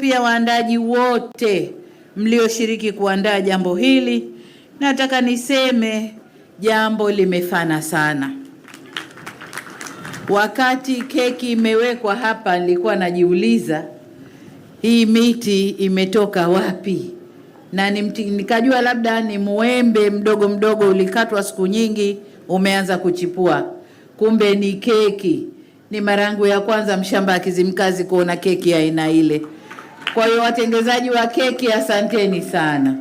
pia waandaji wote mlioshiriki kuandaa jambo hili, nataka niseme jambo limefana sana. Wakati keki imewekwa hapa, nilikuwa najiuliza hii miti imetoka wapi, na nikajua labda ni muembe mdogo mdogo ulikatwa siku nyingi umeanza kuchipua, kumbe ni keki. Ni mara yangu ya kwanza mshamba akizimkazi kuona keki ya aina ile. Kwa hiyo watengenezaji wa keki, asanteni sana,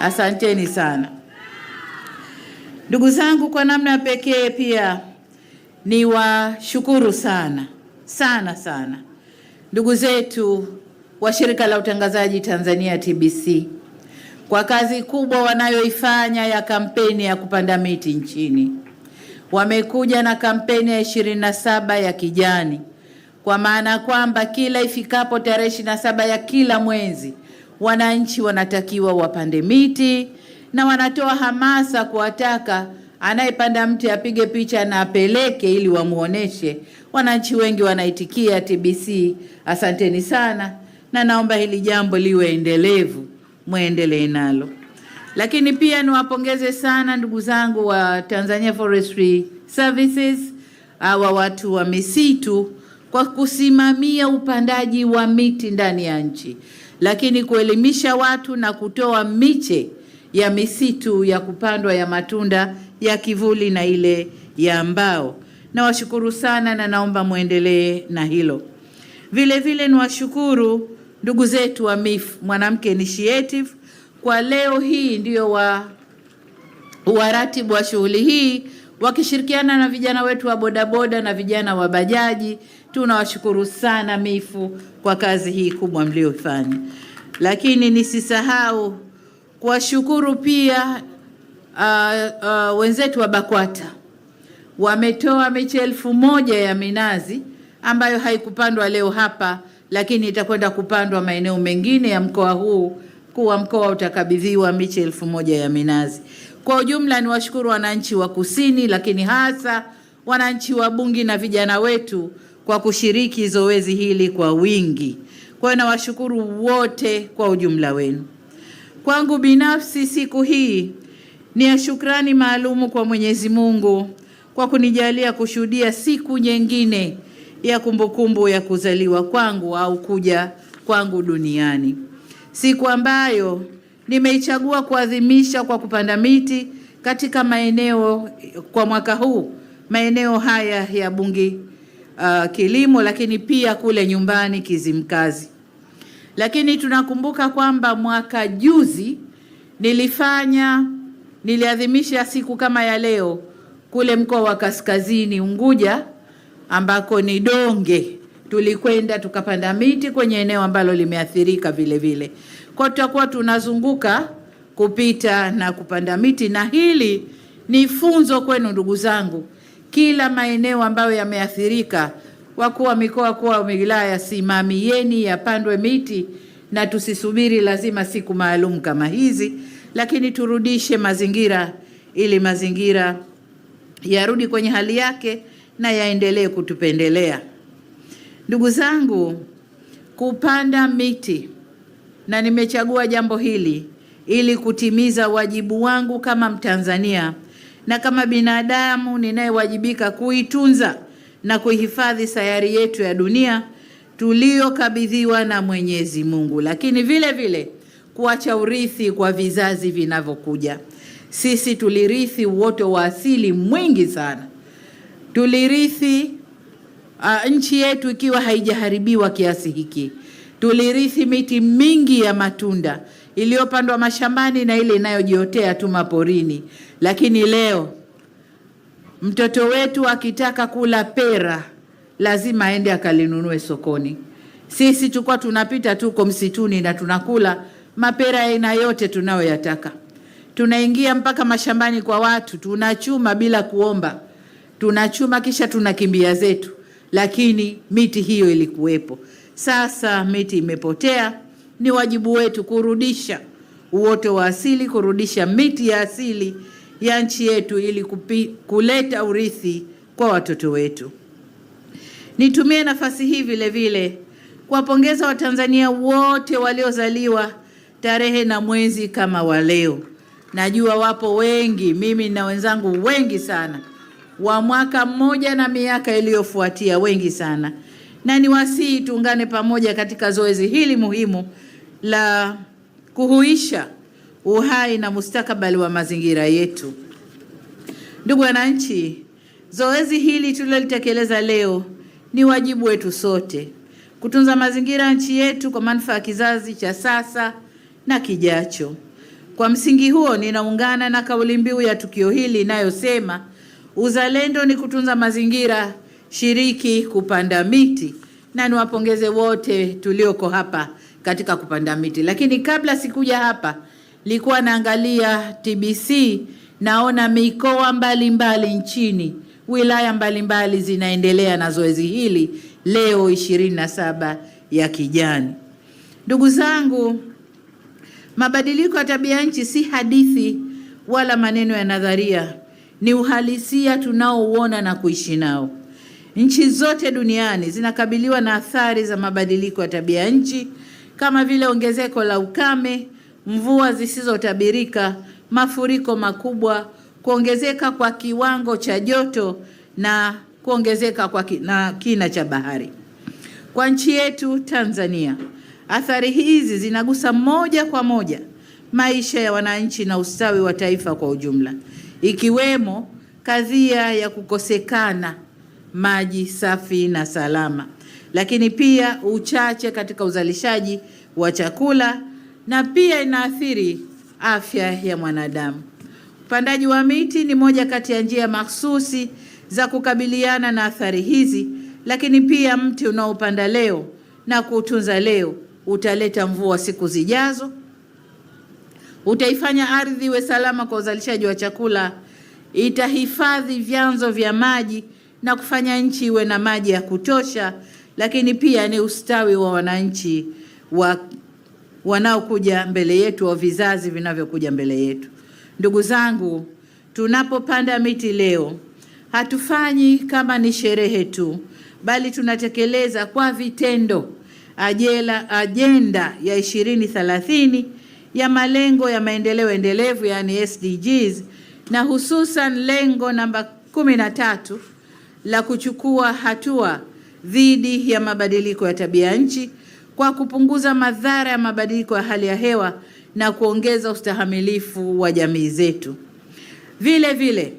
asanteni sana ndugu zangu. Kwa namna pekee pia niwashukuru sana sana sana ndugu zetu wa Shirika la Utangazaji Tanzania TBC kwa kazi kubwa wanayoifanya ya kampeni ya kupanda miti nchini. Wamekuja na kampeni ya 27 ya kijani kwa maana kwamba kila ifikapo tarehe ishirini na saba ya kila mwezi wananchi wanatakiwa wapande miti, na wanatoa hamasa kuwataka anayepanda mti apige picha na apeleke ili wamuoneshe. Wananchi wengi wanaitikia TBC, asanteni sana, na naomba hili jambo liwe endelevu, muendelee nalo. Lakini pia niwapongeze sana ndugu zangu wa Tanzania Forestry Services, hawa watu wa misitu kwa kusimamia upandaji wa miti ndani ya nchi, lakini kuelimisha watu na kutoa miche ya misitu ya kupandwa ya matunda ya kivuli na ile ya mbao. Nawashukuru sana na naomba mwendelee na hilo. Vile vile niwashukuru ndugu zetu wa MIF Mwanamke Initiative kwa leo hii ndio wa waratibu wa shughuli hii wakishirikiana na vijana wetu wa bodaboda na vijana wa bajaji. Tunawashukuru sana MIFU kwa kazi hii kubwa mliofanya, lakini nisisahau kuwashukuru pia uh, uh, wenzetu wa BAKWATA wametoa miche elfu moja ya minazi ambayo haikupandwa leo hapa, lakini itakwenda kupandwa maeneo mengine ya mkoa huu. Kuwa mkoa utakabidhiwa miche elfu moja ya minazi. Kwa ujumla, ni washukuru wananchi wa Kusini, lakini hasa wananchi wa Bungi na vijana wetu kwa kushiriki zoezi hili kwa wingi. Kwa hiyo nawashukuru wote kwa ujumla wenu. Kwangu binafsi siku hii ni ya shukrani maalumu kwa Mwenyezi Mungu kwa kunijalia kushuhudia siku nyingine ya kumbukumbu ya kuzaliwa kwangu au kuja kwangu duniani, siku ambayo limeichagua kuadhimisha kwa kupanda miti katika maeneo kwa mwaka huu maeneo haya ya Bungi uh, kilimo, lakini pia kule nyumbani Kizimkazi. Lakini tunakumbuka kwamba mwaka juzi nilifanya niliadhimisha siku kama ya leo kule mkoa wa Kaskazini Unguja ambako ni Donge, tulikwenda tukapanda miti kwenye eneo ambalo limeathirika vile vile. Kwa tutakuwa tunazunguka kupita na kupanda miti, na hili ni funzo kwenu ndugu zangu. Kila maeneo ambayo yameathirika, wakuu wa mikoa, wakuu wa wilaya, simamieni yapandwe miti na tusisubiri lazima siku maalum kama hizi, lakini turudishe mazingira ili mazingira yarudi kwenye hali yake na yaendelee kutupendelea. Ndugu zangu, kupanda miti na nimechagua jambo hili ili kutimiza wajibu wangu kama Mtanzania na kama binadamu ninayewajibika kuitunza na kuhifadhi sayari yetu ya dunia tuliyokabidhiwa na Mwenyezi Mungu, lakini vile vile kuacha urithi kwa vizazi vinavyokuja. Sisi tulirithi uoto wa asili mwingi sana, tulirithi uh, nchi yetu ikiwa haijaharibiwa kiasi hiki tulirithi miti mingi ya matunda iliyopandwa mashambani na ile inayojiotea tu maporini. Lakini leo mtoto wetu akitaka kula pera lazima aende akalinunue sokoni. Sisi tulikuwa tunapita tuko msituni na tunakula mapera aina yote tunayoyataka, tunaingia mpaka mashambani kwa watu, tunachuma bila kuomba, tunachuma kisha tunakimbia zetu lakini miti hiyo ilikuwepo. Sasa miti imepotea, ni wajibu wetu kurudisha uoto wa asili, kurudisha miti ya asili ya nchi yetu ili kupi, kuleta urithi kwa watoto wetu. Nitumie nafasi hii vile vile kuwapongeza Watanzania wote waliozaliwa tarehe na mwezi kama wa leo. Najua wapo wengi, mimi na wenzangu wengi sana wa mwaka mmoja na miaka iliyofuatia wengi sana, na niwasihi tuungane pamoja katika zoezi hili muhimu la kuhuisha uhai na mustakabali wa mazingira yetu. Ndugu wananchi, zoezi hili tulilolitekeleza leo ni wajibu wetu sote kutunza mazingira ya nchi yetu kwa manufaa ya kizazi cha sasa na kijacho. Kwa msingi huo, ninaungana na kauli mbiu ya tukio hili inayosema Uzalendo ni kutunza mazingira, shiriki kupanda miti. Na niwapongeze wote tulioko hapa katika kupanda miti, lakini kabla sikuja hapa nilikuwa naangalia TBC, naona mikoa mbalimbali mbali nchini, wilaya mbalimbali mbali zinaendelea na zoezi hili leo 27 ya kijani. Ndugu zangu, mabadiliko ya tabia nchi si hadithi wala maneno ya nadharia ni uhalisia tunaouona na kuishi nao. Nchi zote duniani zinakabiliwa na athari za mabadiliko ya tabia nchi kama vile ongezeko la ukame, mvua zisizotabirika, mafuriko makubwa, kuongezeka kwa kiwango cha joto na kuongezeka kwa kina, kina cha bahari. Kwa nchi yetu Tanzania, athari hizi zinagusa moja kwa moja maisha ya wananchi na ustawi wa taifa kwa ujumla ikiwemo kadhia ya kukosekana maji safi na salama, lakini pia uchache katika uzalishaji wa chakula na pia inaathiri afya ya mwanadamu. Upandaji wa miti ni moja kati ya njia mahsusi za kukabiliana na athari hizi, lakini pia mti unaopanda leo na kuutunza leo utaleta mvua siku zijazo Utaifanya ardhi iwe salama kwa uzalishaji wa chakula, itahifadhi vyanzo vya maji na kufanya nchi iwe na maji ya kutosha, lakini pia ni ustawi wa wananchi wa wanaokuja mbele yetu, wa vizazi vinavyokuja mbele yetu. Ndugu zangu, tunapopanda miti leo hatufanyi kama ni sherehe tu, bali tunatekeleza kwa vitendo ajela ajenda ya ishirini thelathini ya malengo ya maendeleo endelevu yani SDGs, na hususan lengo namba tatu la kuchukua hatua dhidi ya mabadiliko ya tabia nchi kwa kupunguza madhara ya mabadiliko ya hali ya hewa na kuongeza ustahamilifu wa jamii zetu. Vile vile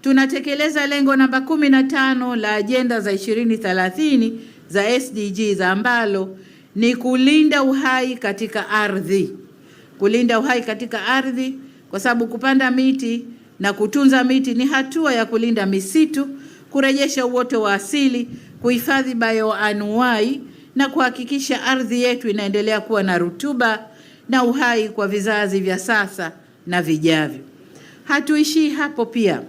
tunatekeleza lengo namba tano la ajenda za 2030 za SDGs ambalo ni kulinda uhai katika ardhi kulinda uhai katika ardhi, kwa sababu kupanda miti na kutunza miti ni hatua ya kulinda misitu, kurejesha uoto wa asili, kuhifadhi bioanuwai na kuhakikisha ardhi yetu inaendelea kuwa na rutuba na uhai kwa vizazi vya sasa na vijavyo. Hatuishii hapo pia.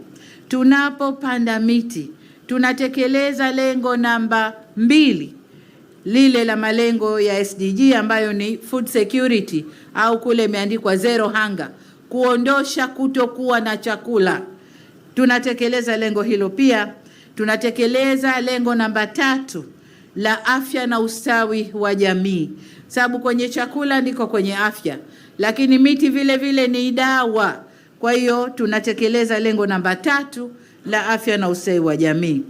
Tunapopanda miti tunatekeleza lengo namba mbili lile la malengo ya SDG ambayo ni food security au kule imeandikwa zero hunger, kuondosha kutokuwa na chakula. Tunatekeleza lengo hilo pia. Tunatekeleza lengo namba tatu la afya na ustawi wa jamii, sababu kwenye chakula ndiko kwenye afya, lakini miti vile vile ni dawa. Kwa hiyo tunatekeleza lengo namba tatu la afya na ustawi wa jamii.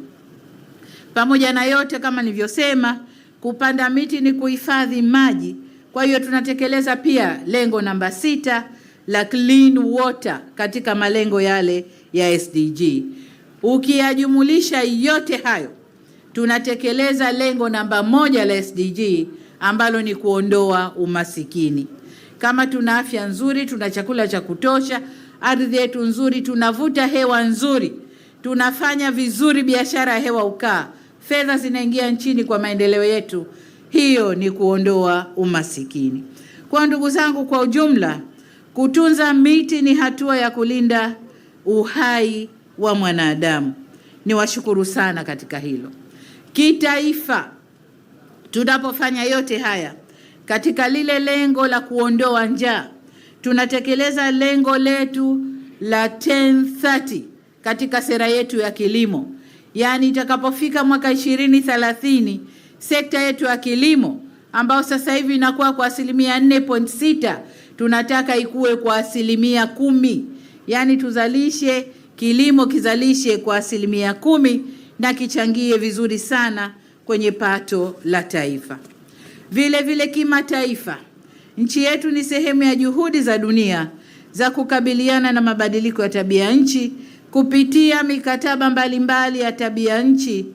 Pamoja na yote, kama nilivyosema Kupanda miti ni kuhifadhi maji. Kwa hiyo tunatekeleza pia lengo namba sita la clean water katika malengo yale ya SDG. Ukiyajumulisha yote hayo, tunatekeleza lengo namba moja la SDG ambalo ni kuondoa umasikini. Kama tuna afya nzuri, tuna chakula cha kutosha, ardhi yetu nzuri, tunavuta hewa nzuri, tunafanya vizuri biashara ya hewa ukaa fedha zinaingia nchini kwa maendeleo yetu. Hiyo ni kuondoa umasikini. Kwa ndugu zangu, kwa ujumla, kutunza miti ni hatua ya kulinda uhai wa mwanadamu. Niwashukuru sana katika hilo. Kitaifa, tunapofanya yote haya katika lile lengo la kuondoa njaa, tunatekeleza lengo letu la 1030 katika sera yetu ya kilimo yaani itakapofika mwaka ishirini thelathini sekta yetu ya kilimo ambayo sasa hivi inakuwa kwa asilimia 4.6 tunataka ikuwe kwa asilimia kumi, yaani tuzalishe kilimo kizalishe kwa asilimia kumi na kichangie vizuri sana kwenye pato la taifa. Vile vile kimataifa, nchi yetu ni sehemu ya juhudi za dunia za kukabiliana na mabadiliko ya tabia nchi kupitia mikataba mbalimbali ya tabia nchi,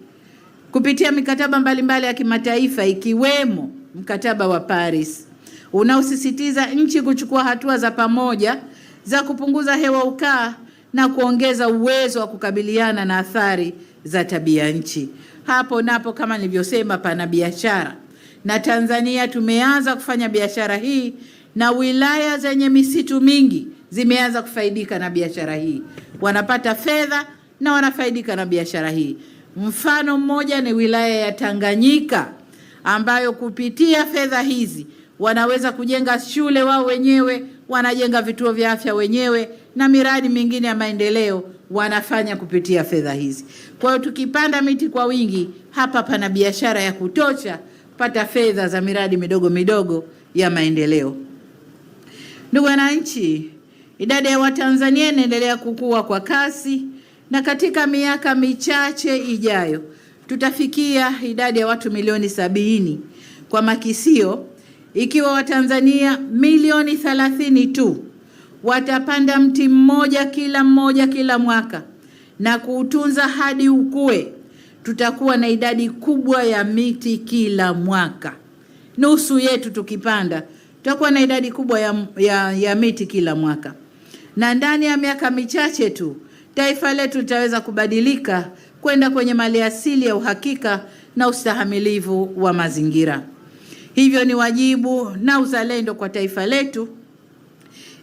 kupitia mikataba mbalimbali ya kimataifa ikiwemo mkataba wa Paris unaosisitiza nchi kuchukua hatua za pamoja za kupunguza hewa ukaa na kuongeza uwezo wa kukabiliana na athari za tabia nchi. Hapo napo kama nilivyosema, pana biashara na Tanzania tumeanza kufanya biashara hii na wilaya zenye misitu mingi zimeanza kufaidika na biashara hii, wanapata fedha na wanafaidika na biashara hii. Mfano mmoja ni wilaya ya Tanganyika ambayo kupitia fedha hizi wanaweza kujenga shule wao wenyewe, wanajenga vituo vya afya wenyewe na miradi mingine ya maendeleo wanafanya kupitia fedha hizi. Kwa hiyo tukipanda miti kwa wingi, hapa pana biashara ya kutosha pata fedha za miradi midogo midogo ya maendeleo. Ndugu wananchi, Idadi ya Watanzania inaendelea kukua kwa kasi na katika miaka michache ijayo tutafikia idadi ya watu milioni sabini kwa makisio, ikiwa Watanzania milioni thelathini tu watapanda mti mmoja kila mmoja kila mwaka na kuutunza hadi ukue, tutakuwa na idadi kubwa ya miti kila mwaka. Nusu yetu tukipanda, tutakuwa na idadi kubwa ya, ya, ya miti kila mwaka na ndani ya miaka michache tu taifa letu litaweza kubadilika kwenda kwenye maliasili ya uhakika na ustahamilivu wa mazingira. Hivyo ni wajibu na uzalendo kwa taifa letu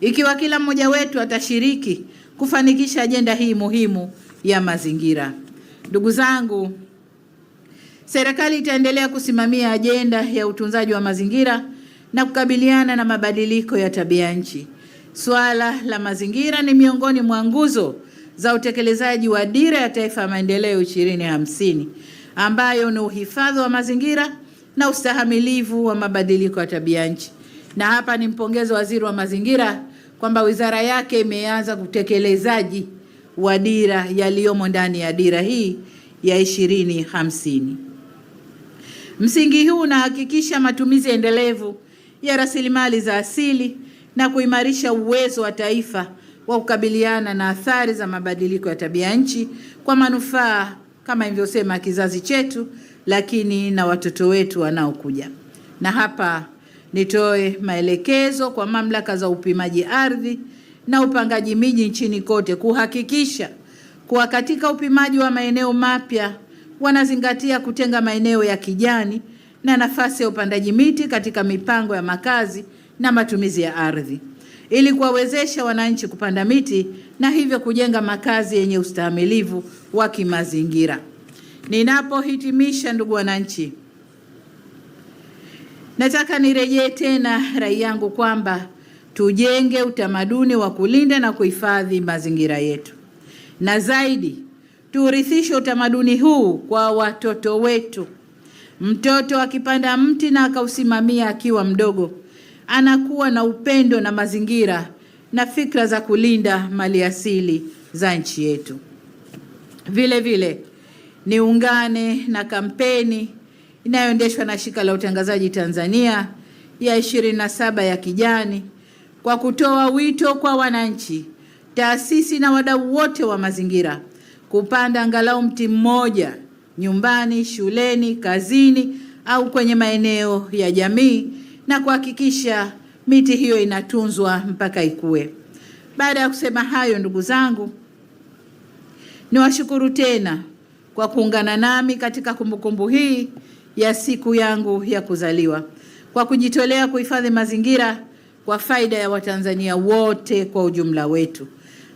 ikiwa kila mmoja wetu atashiriki kufanikisha ajenda hii muhimu ya mazingira. Ndugu zangu, serikali itaendelea kusimamia ajenda ya utunzaji wa mazingira na kukabiliana na mabadiliko ya tabia nchi. Suala la mazingira ni miongoni mwa nguzo za utekelezaji wa Dira ya Taifa ya Maendeleo 2050 ambayo ni uhifadhi wa mazingira na ustahamilivu wa mabadiliko ya tabia nchi. Na hapa ni mpongeze Waziri wa Mazingira kwamba wizara yake imeanza utekelezaji wa dira yaliyomo ndani ya dira hii ya 2050. Msingi huu unahakikisha matumizi endelevu ya rasilimali za asili na kuimarisha uwezo wa taifa wa kukabiliana na athari za mabadiliko ya tabia nchi kwa manufaa kama ilivyosema kizazi chetu, lakini na watoto wetu wanaokuja. Na hapa nitoe maelekezo kwa mamlaka za upimaji ardhi na upangaji miji nchini kote kuhakikisha kuwa katika upimaji wa maeneo mapya wanazingatia kutenga maeneo ya kijani na nafasi ya upandaji miti katika mipango ya makazi na matumizi ya ardhi ili kuwawezesha wananchi kupanda miti na hivyo kujenga makazi yenye ustahimilivu wa kimazingira. Ninapohitimisha, ndugu wananchi, nataka nirejee tena rai yangu kwamba tujenge utamaduni wa kulinda na kuhifadhi mazingira yetu, na zaidi tuurithishe utamaduni huu kwa watoto wetu. Mtoto akipanda mti na akausimamia akiwa mdogo anakuwa na upendo na mazingira na fikra za kulinda maliasili za nchi yetu. Vile vile niungane na kampeni inayoendeshwa na Shirika la Utangazaji Tanzania ya 27 ya kijani kwa kutoa wito kwa wananchi, taasisi na wadau wote wa mazingira kupanda angalau mti mmoja nyumbani, shuleni, kazini au kwenye maeneo ya jamii na kuhakikisha miti hiyo inatunzwa mpaka ikue. Baada ya kusema hayo, ndugu zangu, niwashukuru tena kwa kuungana nami katika kumbukumbu hii ya siku yangu ya kuzaliwa kwa kujitolea kuhifadhi mazingira kwa faida ya Watanzania wote kwa ujumla wetu.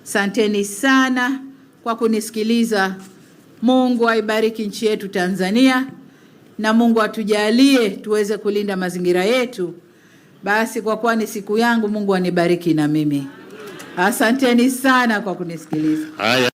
Santeni sana kwa kunisikiliza. Mungu aibariki nchi yetu Tanzania na Mungu atujalie tuweze kulinda mazingira yetu. Basi kwa kuwa ni siku yangu, Mungu anibariki na mimi. Asanteni sana kwa kunisikiliza. Haya.